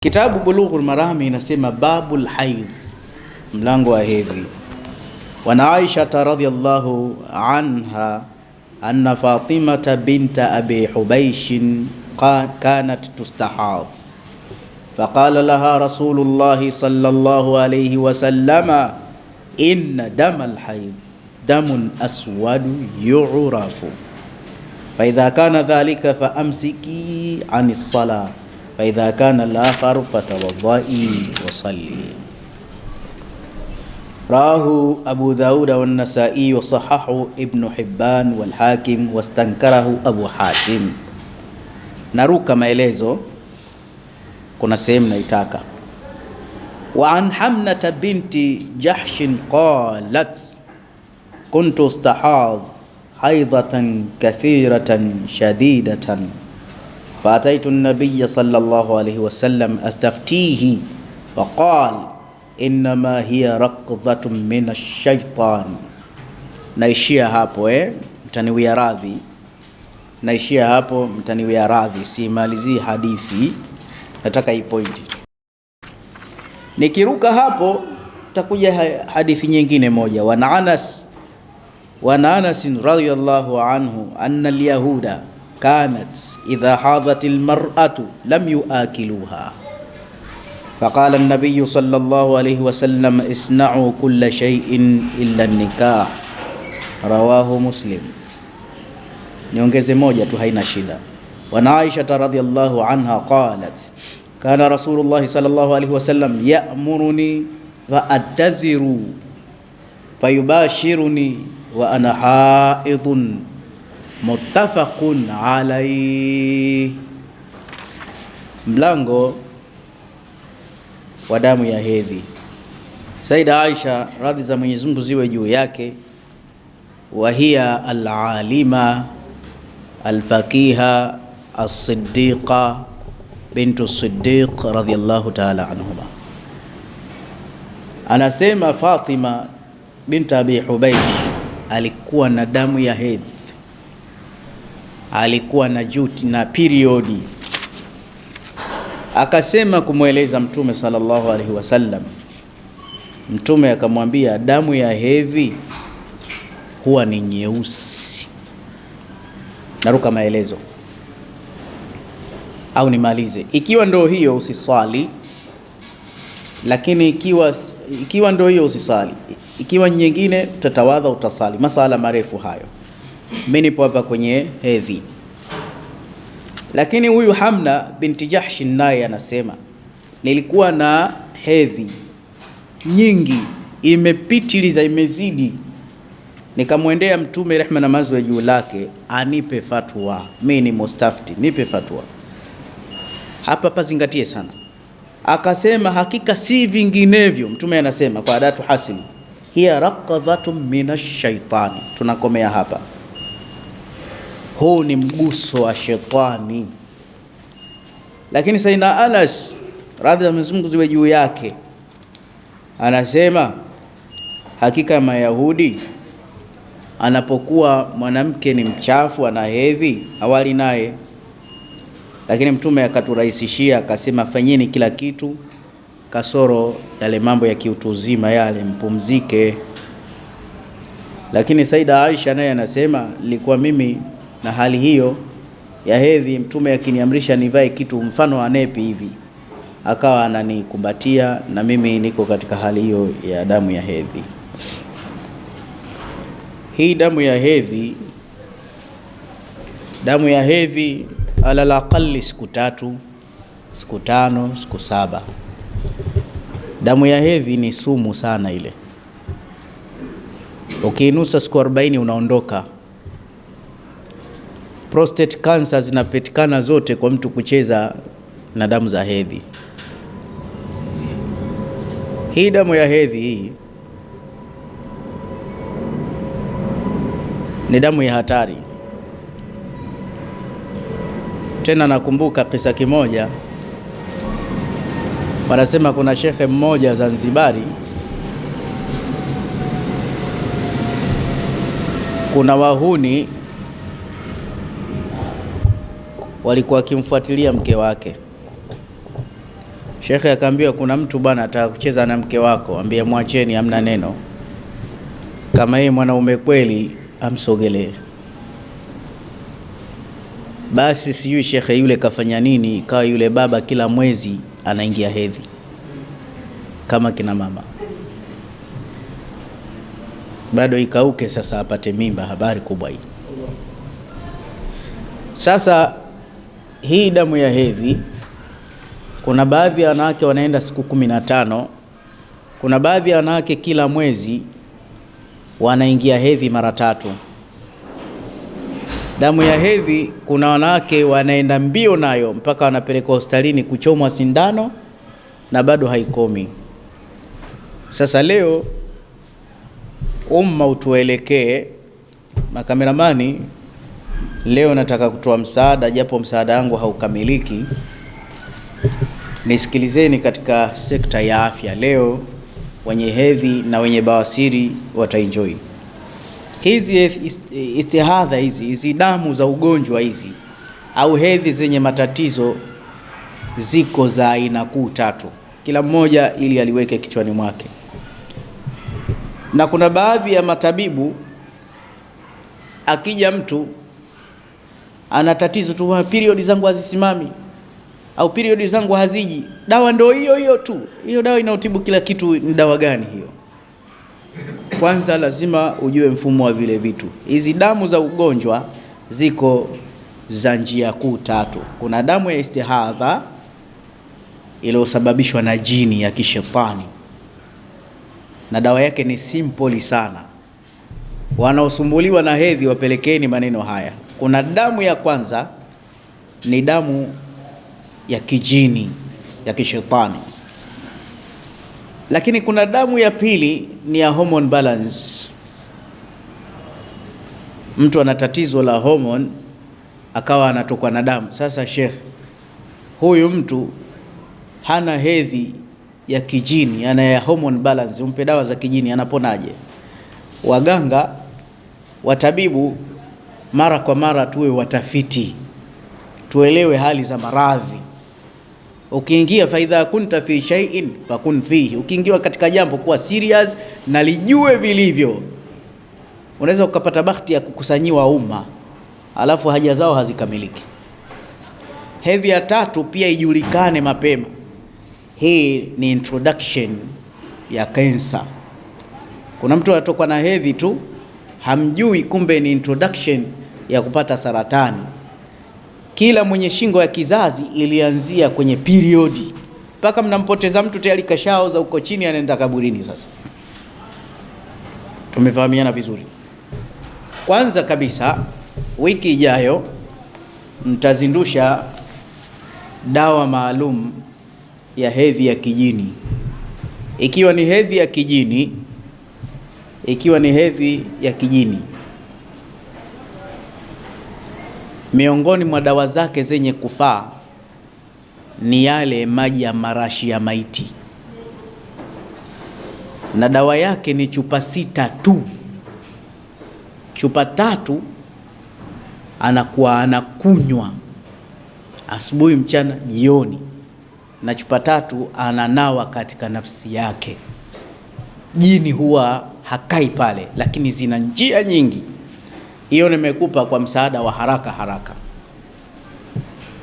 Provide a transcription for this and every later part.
Kitabu Bulughul Marami inasema babul haidh, mlango wa hedhi. Wana Aisha radhiyallahu anha anna Fatimata binta abi Hubaishin kanat tustahadh faqala laha Rasulullahi sallallahu alayhi wasallama inna damal haidh damun aswadu yu'rafu fa idha kana dhalika fa amsiki anis salah faidha kana al-akhar fatawaddai wasalli. Rawahu Abu Dawud wa Nasai wa sahahu Ibnu Hibban wal Hakim wastankarahu Abu Hatim. Naruka maelezo, kuna sehemu naitaka. Wa an Hamnata binti Jahshin qalat kuntu ustahadh haidhatan kathiratan shadidatan faataitu nabiya صلى الله عليه وسلم أستفتيه فقال إنما هي ركضة من الشيطان naishia hapo eh? mtaniwia radhi naishia hapo mtaniwia radhi simalizii hadithi nataka hii pointi nikiruka hapo takuja hadithi nyingine moja wana anas wana anas radhiyallahu anhu anna alyahuda كانت إذا حاضت المرأة لم يآكلوها فقال النبي صلى الله عليه وسلم اصنعوا كل شيء إلا النكاح رواه مسلم niongeze moja tu haina shida وعن عائشة رضي الله عنها قالت كان رسول الله صلى الله عليه وسلم يأمرني فأتزر فيباشرني وأنا حائض muttafaqun alayhi. Mlango wa damu ya hedhi. Saida Aisha, radhi za Mwenyezi Mungu ziwe juu yake, wa hiya alalima alfaqiha as-siddiqa bintu Siddiq radhiyallahu ta'ala anhuma, anasema Fatima binti Abi Hubaysh alikuwa na damu ya hedhi alikuwa na juti na periodi, akasema kumweleza Mtume sallallahu alaihi wasallam. Mtume akamwambia damu ya hevi huwa ni nyeusi. Naruka maelezo au nimalize? Ikiwa ndio hiyo usiswali, lakini ikiwa ikiwa ndio hiyo usiswali, ikiwa nyingine utatawadha, utasali. Masala marefu hayo mimi nipo hapa kwenye hedhi. Lakini huyu Hamna binti Jahsh naye anasema nilikuwa na hedhi nyingi imepitiliza, imezidi. Nikamwendea Mtume, rehma na mazu ya juu lake, anipe fatwa, mi ni mustafti, nipe fatwa. Hapa pazingatie sana. Akasema hakika si vinginevyo, Mtume anasema kwa adatu hasini, hiya rakadhatun minash shaitani. Tunakomea hapa huu ni mguso wa shetani. Lakini Saidina Anas, radhi za Mwenyezi Mungu ziwe juu yake, anasema hakika Mayahudi anapokuwa mwanamke ni mchafu, ana hedhi awali naye, lakini Mtume akaturahisishia akasema, fanyeni kila kitu kasoro yale mambo ya kiutu uzima yale, mpumzike. Lakini Saida Aisha naye anasema nilikuwa mimi na hali hiyo ya hedhi, Mtume akiniamrisha nivae kitu mfano wa nepi hivi, akawa ananikumbatia na mimi niko katika hali hiyo ya damu ya hedhi. Hii damu ya hedhi, damu ya hedhi alal aqali siku tatu, siku tano, siku saba. Damu ya hedhi ni sumu sana ile, ukiinusa siku 40 unaondoka prostate cancer zinapatikana zote kwa mtu kucheza na damu za hedhi. Hii damu ya hedhi hii ni damu ya hatari. Tena nakumbuka kisa kimoja, wanasema kuna shekhe mmoja Zanzibari, kuna wahuni walikuwa wakimfuatilia mke wake. Shekhe akaambiwa kuna mtu bwana ataka kucheza na mke wako, ambie mwacheni, amna neno. Kama yeye mwanaume kweli, amsogelee. Basi sijui shekhe yule kafanya nini, ikawa yule baba kila mwezi anaingia hedhi kama kina mama, bado ikauke, sasa apate mimba. Habari kubwa hii sasa hii damu ya hedhi, kuna baadhi ya wanawake wanaenda siku kumi na tano, kuna baadhi ya wanawake kila mwezi wanaingia hedhi mara tatu. Damu ya hedhi, kuna wanawake wanaenda mbio nayo mpaka wanapelekwa hospitalini kuchomwa sindano na bado haikomi. Sasa leo umma utuelekee, makameramani leo nataka kutoa msaada, japo msaada wangu haukamiliki, nisikilizeni. Katika sekta ya afya leo, wenye hedhi na wenye bawasiri wataenjoy hizi istihadha hizi hizi damu za ugonjwa hizi au hedhi zenye matatizo ziko za aina kuu tatu, kila mmoja ili aliweke kichwani mwake, na kuna baadhi ya matabibu akija mtu ana tatizo tu, ah, period zangu hazisimami au period zangu haziji. Dawa ndio hiyo hiyo tu. Hiyo dawa inaotibu kila kitu. Ni dawa gani hiyo? Kwanza lazima ujue mfumo wa vile vitu. Hizi damu za ugonjwa ziko za njia kuu tatu. Kuna damu ya istihadha iliyosababishwa na jini ya kishetani, na dawa yake ni simple sana. Wanaosumbuliwa na hedhi wapelekeni maneno haya. Kuna damu ya kwanza ni damu ya kijini ya kishetani, lakini kuna damu ya pili ni ya hormone balance. Mtu ana tatizo la hormone akawa anatokwa na damu. Sasa Sheikh, huyu mtu hana hedhi ya kijini, ana ya hormone balance, umpe dawa za kijini, anaponaje? Waganga watabibu mara kwa mara tuwe watafiti, tuelewe hali za maradhi. Ukiingia faidha kunta fi shay'in fakun fihi, ukiingiwa katika jambo kuwa serious na lijue vilivyo. Unaweza ukapata bahati ya kukusanyiwa umma, alafu haja zao hazikamiliki. Hedhi ya tatu pia ijulikane mapema. Hii ni introduction ya kansa. Kuna mtu anatokwa na hedhi tu hamjui, kumbe ni introduction ya kupata saratani. Kila mwenye shingo ya kizazi ilianzia kwenye periodi, mpaka mnampoteza mtu tayari kashao za huko chini, anaenda kaburini. Sasa tumefahamiana vizuri. Kwanza kabisa, wiki ijayo mtazindusha dawa maalum ya hedhi ya kijini, ikiwa ni hedhi ya kijini, ikiwa ni hedhi ya kijini Miongoni mwa dawa zake zenye kufaa ni yale maji ya marashi ya maiti, na dawa yake ni chupa sita tu. Chupa tatu anakuwa anakunywa asubuhi, mchana, jioni, na chupa tatu ananawa katika nafsi yake. Jini huwa hakai pale, lakini zina njia nyingi. Hiyo nimekupa kwa msaada wa haraka haraka,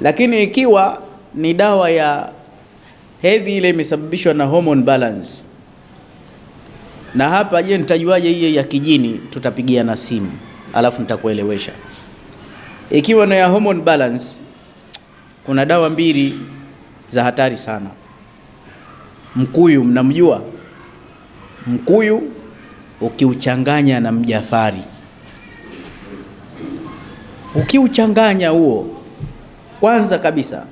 lakini ikiwa ni dawa ya hedhi ile imesababishwa na hormone balance, na hapa je, nitajuaje hiyo ya kijini? Tutapigia na simu alafu nitakuelewesha. Ikiwa na ya hormone balance, kuna dawa mbili za hatari sana. Mkuyu, mnamjua mkuyu? Ukiuchanganya na mjafari Ukiuchanganya huo, kwanza kabisa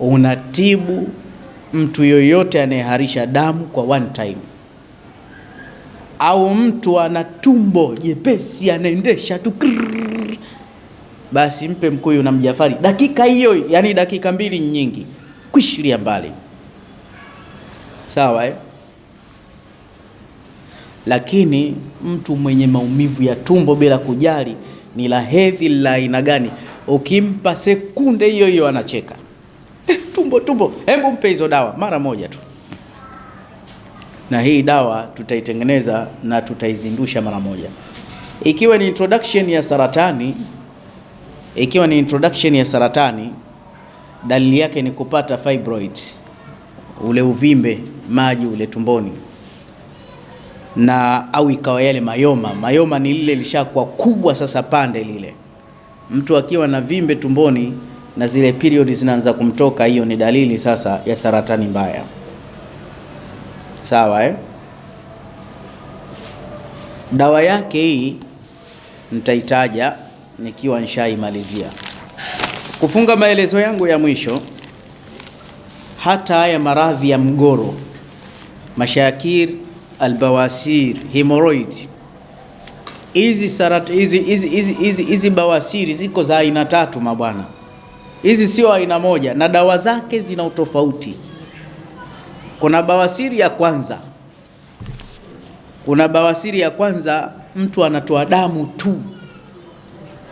unatibu mtu yoyote anayeharisha damu kwa one time, au mtu ana tumbo jepesi anaendesha tu krrr, basi mpe mkuyu na mjafari dakika hiyo, yani dakika mbili nyingi kuishiria mbali, sawa eh? Lakini mtu mwenye maumivu ya tumbo bila kujali ni la hedhi la aina gani? Ukimpa sekunde hiyo hiyo anacheka eh, tumbo tumbo, hebu mpe hizo dawa mara moja tu. Na hii dawa tutaitengeneza na tutaizindusha mara moja, ikiwa ni introduction ya saratani. Ikiwa ni introduction ya saratani, dalili yake ni kupata fibroid, ule uvimbe maji ule tumboni na au ikawa yale mayoma. Mayoma ni lile lishakuwa kubwa sasa, pande lile, mtu akiwa na vimbe tumboni na zile period zinaanza kumtoka, hiyo ni dalili sasa ya saratani mbaya. Sawa eh? Dawa yake hii nitaitaja nikiwa nishaimalizia kufunga maelezo yangu ya mwisho. Hata haya maradhi ya mgoro mashakir albawasir, hemorrhoid. Hizi sarati hizi hizi hizi bawasiri ziko za aina tatu mabwana, hizi sio aina moja, na dawa zake zina utofauti. Kuna bawasiri ya kwanza, kuna bawasiri ya kwanza, mtu anatoa damu tu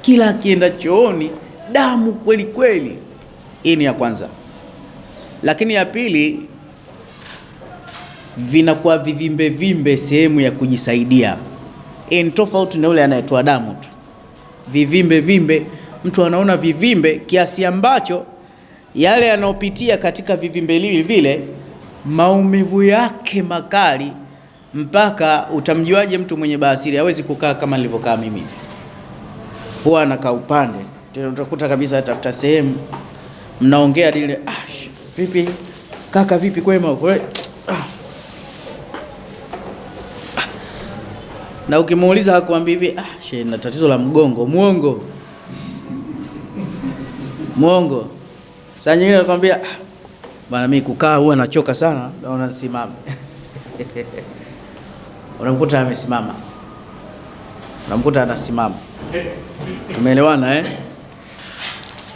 kila akienda chooni, damu kweli kweli. Hii ni ya kwanza, lakini ya pili vinakuwa vivimbe vimbe sehemu ya kujisaidia. Ni tofauti na yule anayetoa damu tu. Vivimbe vimbe, mtu anaona vivimbe kiasi ambacho yale yanayopitia katika vivimbe hivi vile maumivu yake makali, mpaka utamjuaje mtu mwenye bawasiri? Hawezi kukaa kama nilivyokaa mimi, huwa anakaa upande. Utakuta kabisa atafuta sehemu, mnaongea dile, ah, vipi kaka, vipi, kwema? Eh, ah, na ukimuuliza hakuambi hivi, ah, she na tatizo la mgongo, mwongo mwongo. Saa nyingine nakwambia ah, bana, mimi kukaa huwa nachoka sana, naona simame unamkuta amesimama, unamkuta anasimama. Tumeelewana eh?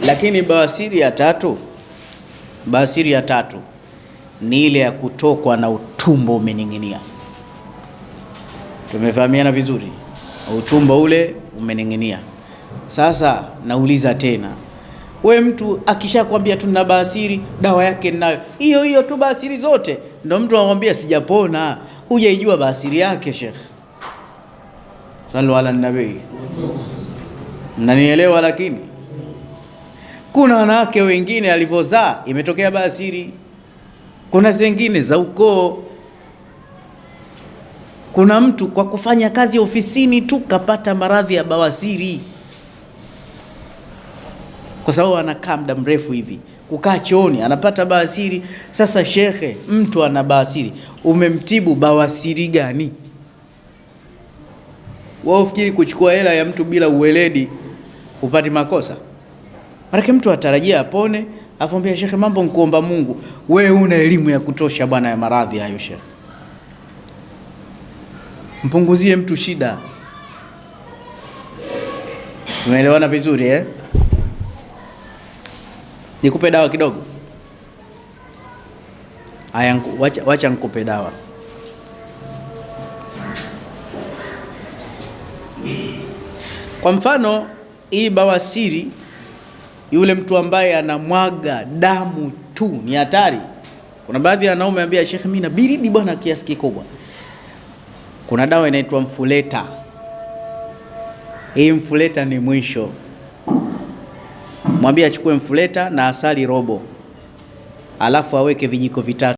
Lakini bawasiri ya tatu, bawasiri ya tatu ni ile ya kutokwa na utumbo umening'inia tumefahamiana vizuri, utumbo ule umening'inia. Sasa nauliza tena, we mtu akishakwambia tuna basiri, dawa yake ninayo hiyo hiyo tu, basiri zote ndo mtu anamwambia sijapona, hujaijua basiri yake. Sheikh, sallu ala nabii, mnanielewa? Lakini kuna wanawake wengine alivyozaa imetokea basiri, kuna zingine za ukoo kuna mtu kwa kufanya kazi ofisini tu kapata maradhi ya bawasiri, kwa sababu anakaa muda mrefu hivi, kukaa chooni anapata bawasiri. Sasa shekhe, mtu ana bawasiri, umemtibu bawasiri gani? Wao fikiri kuchukua hela ya mtu bila uweledi upati makosa. Maanake mtu atarajia apone, afumbia shekhe, mambo nkuomba Mungu, wee una elimu ya kutosha bwana ya maradhi hayo shekhe mpunguzie mtu shida. Umeelewana vizuri eh? Nikupe dawa kidogo? Aya, wacha, wacha nikupe dawa. Kwa mfano hii bawasiri, yule mtu ambaye anamwaga damu tu ni hatari. Kuna baadhi ya wanaume ambia, Sheikh, mimi na baridi bwana kiasi kikubwa kuna dawa inaitwa mfuleta. Hii mfuleta ni mwisho, mwambie achukue mfuleta na asali robo, alafu aweke vijiko vitatu.